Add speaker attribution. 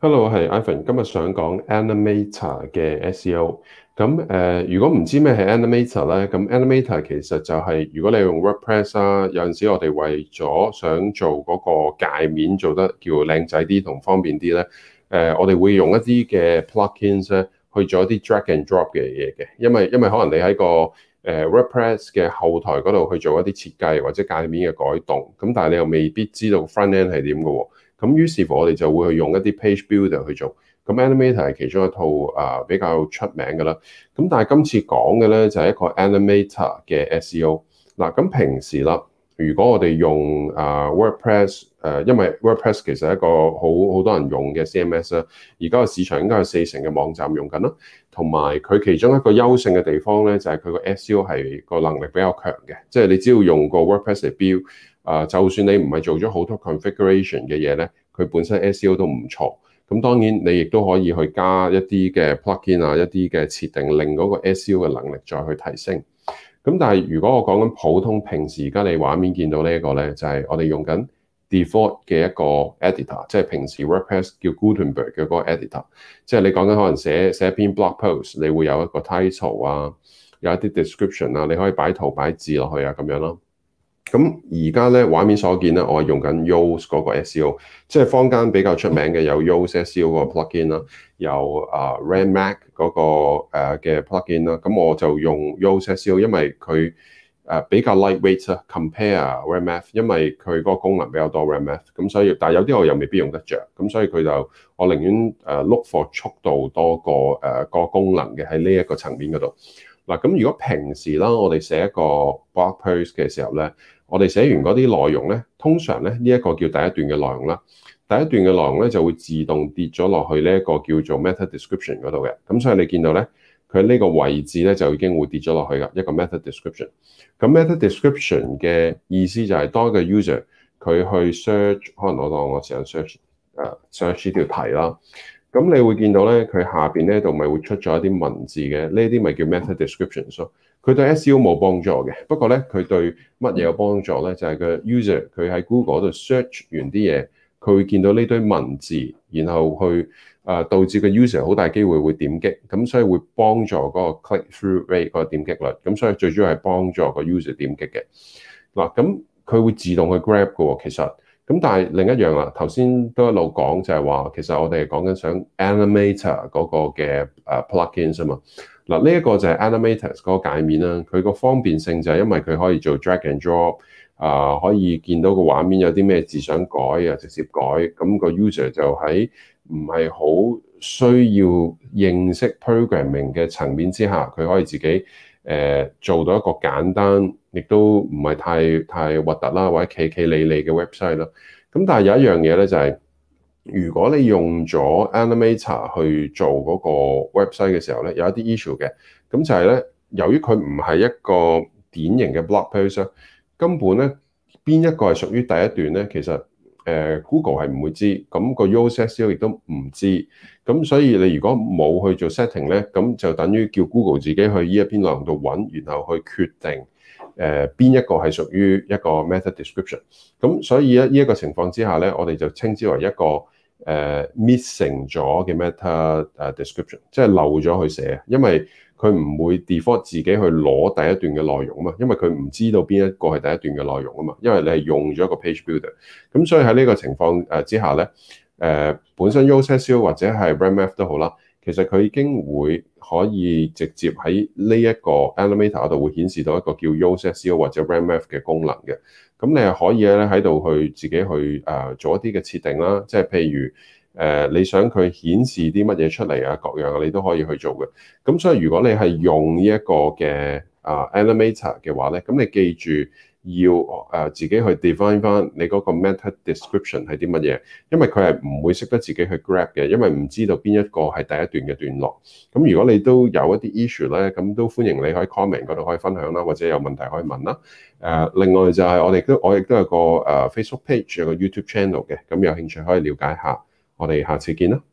Speaker 1: Hello，我係 Ivan，今日想講 Animator 嘅 SEO。咁誒、呃，如果唔知咩係 Animator 咧，咁 Animator 其實就係、是、如果你用 WordPress 啊，有陣時我哋為咗想做嗰個界面做得叫靚仔啲同方便啲咧，誒、呃，我哋會用一啲嘅 Plugins 咧、啊，去做一啲 Drag and Drop 嘅嘢嘅。因為因為可能你喺個誒 WordPress 嘅後台嗰度去做一啲設計或者界面嘅改動，咁但係你又未必知道 frontend 係點嘅喎。咁於是乎我哋就會去用一啲 Page Builder 去做，咁 Animator 係其中一套啊，比較出名嘅啦。咁但係今次講嘅呢，就係一個 Animator 嘅 SEO。嗱，咁平時啦。如果我哋用啊 WordPress，誒，因為 WordPress 其實係一個好好多人用嘅 CMS 咧，而家個市場應該係四成嘅網站用緊啦。同埋佢其中一個優勝嘅地方咧，就係佢個 SEO 係個能力比較強嘅，即係你只要用個 WordPress 嚟 build，誒，就算你唔係做咗好多 configuration 嘅嘢咧，佢本身 SEO 都唔錯。咁當然你亦都可以去加一啲嘅 plugin 啊，一啲嘅設定，令嗰個 SEO 嘅能力再去提升。咁但係如果我講緊普通平時而家你畫面見到呢個呢一個咧，就係我哋用緊 default 嘅一個 editor，即係平時 WordPress 叫 Gutenberg 嘅嗰個 editor，即係你講緊可能寫，寫一篇 blog post，你會有一個 title 啊，有一啲 description 啊，你可以擺圖擺字落去啊咁樣咯。咁而家咧畫面所見咧，我係用緊 Yo 嗰個 SEO，即係坊間比較出名嘅有 Yo SEO 個 plug-in 啦，有啊 r a m a c 嗰、那個嘅 plug-in 啦。咁、uh, 我就用 Yo SEO，因為佢誒比較 lightweight c o m p a r e r a m a c，因為佢嗰個功能比較多 r a m a c，咁所以但係有啲我又未必用得着。咁所以佢就我寧願誒 look for 速度多過誒、uh, 個功能嘅喺呢一個層面嗰度。嗱，咁如果平時啦，我哋寫一個 blog post 嘅時候咧，我哋寫完嗰啲內容咧，通常咧呢一個叫第一段嘅內容啦，第一段嘅內容咧就會自動跌咗落去呢一個叫做 meta description 嗰度嘅。咁所以你見到咧，佢喺呢個位置咧就已經會跌咗落去噶一個 meta description。咁 meta description 嘅意思就係多一個 user 佢去 search，可能我當我試下 se、uh, search 啊，search 呢條題啦。咁你會見到咧，佢下邊呢度咪會出咗一啲文字嘅，呢啲咪叫 meta description。所以佢對 SEO 冇幫助嘅，不過咧佢對乜嘢有幫助咧？就係個 user 佢喺 Google 度 search 完啲嘢，佢會見到呢堆文字，然後去呃導致個 user 好大機會會點擊，咁所以會幫助嗰個 click through rate 嗰個點擊率。咁所以最主要係幫助個 user 點擊嘅。嗱，咁佢會自動去 grab 嘅喎，其實。咁但係另一樣啊，頭先都一路講就係話，其實我哋講緊想 Animator 嗰個嘅誒 Plugins 啊嘛。嗱，呢一個就係 Animators 嗰個界面啦。佢個方便性就係因為佢可以做 Drag and Drop，啊可以見到個畫面有啲咩字想改啊，直接改。咁個 user 就喺唔係好需要認識 Programming 嘅層面之下，佢可以自己，誒做到一個簡單，亦都唔係太太核突啦，或者企企理理嘅 website 咯。咁但係有一樣嘢咧，就係、是、如果你用咗 Animator 去做嗰個 website 嘅時候咧，有一啲 issue 嘅。咁、嗯、就係咧，由於佢唔係一個典型嘅 blog page 咧，根本咧邊一個係屬於第一段咧，其實。誒 Google 係唔會知，咁、那個 user 亦都唔知，咁所以你如果冇去做 setting 咧，咁就等於叫 Google 自己去呢一篇內容度揾，然後去決定誒邊一個係屬於一個 meta description。咁所以咧呢一個情況之下咧，我哋就稱之為一個誒 missing 咗嘅 meta 誒 description，即係漏咗去寫，因為。佢唔會 default 自己去攞第一段嘅內容啊嘛，因為佢唔知道邊一個係第一段嘅內容啊嘛，因為你係用咗一個 page builder，咁所以喺呢個情況誒之下咧，誒、呃、本身 Yoast SEO 或者係 Rank Math 都好啦，其實佢已經會可以直接喺呢一個 Elementor 度會顯示到一個叫 Yoast SEO 或者 Rank Math 嘅功能嘅，咁你係可以咧喺度去自己去誒做一啲嘅設定啦，即係譬如。誒，你想佢顯示啲乜嘢出嚟啊？各樣啊，你都可以去做嘅。咁所以如果你係用呢一個嘅啊 Elementor 嘅話咧，咁你記住要誒、uh, 自己去 define 翻你嗰個 meta description 係啲乜嘢，因為佢係唔會識得自己去 grab 嘅，因為唔知道邊一個係第一段嘅段落。咁如果你都有一啲 issue 咧，咁都歡迎你喺 comment 嗰度可以分享啦，或者有問題可以問啦。誒、uh，另外就係我哋都我亦都有個誒 Facebook page 有個 YouTube channel 嘅，咁有興趣可以了解下。我哋下次見。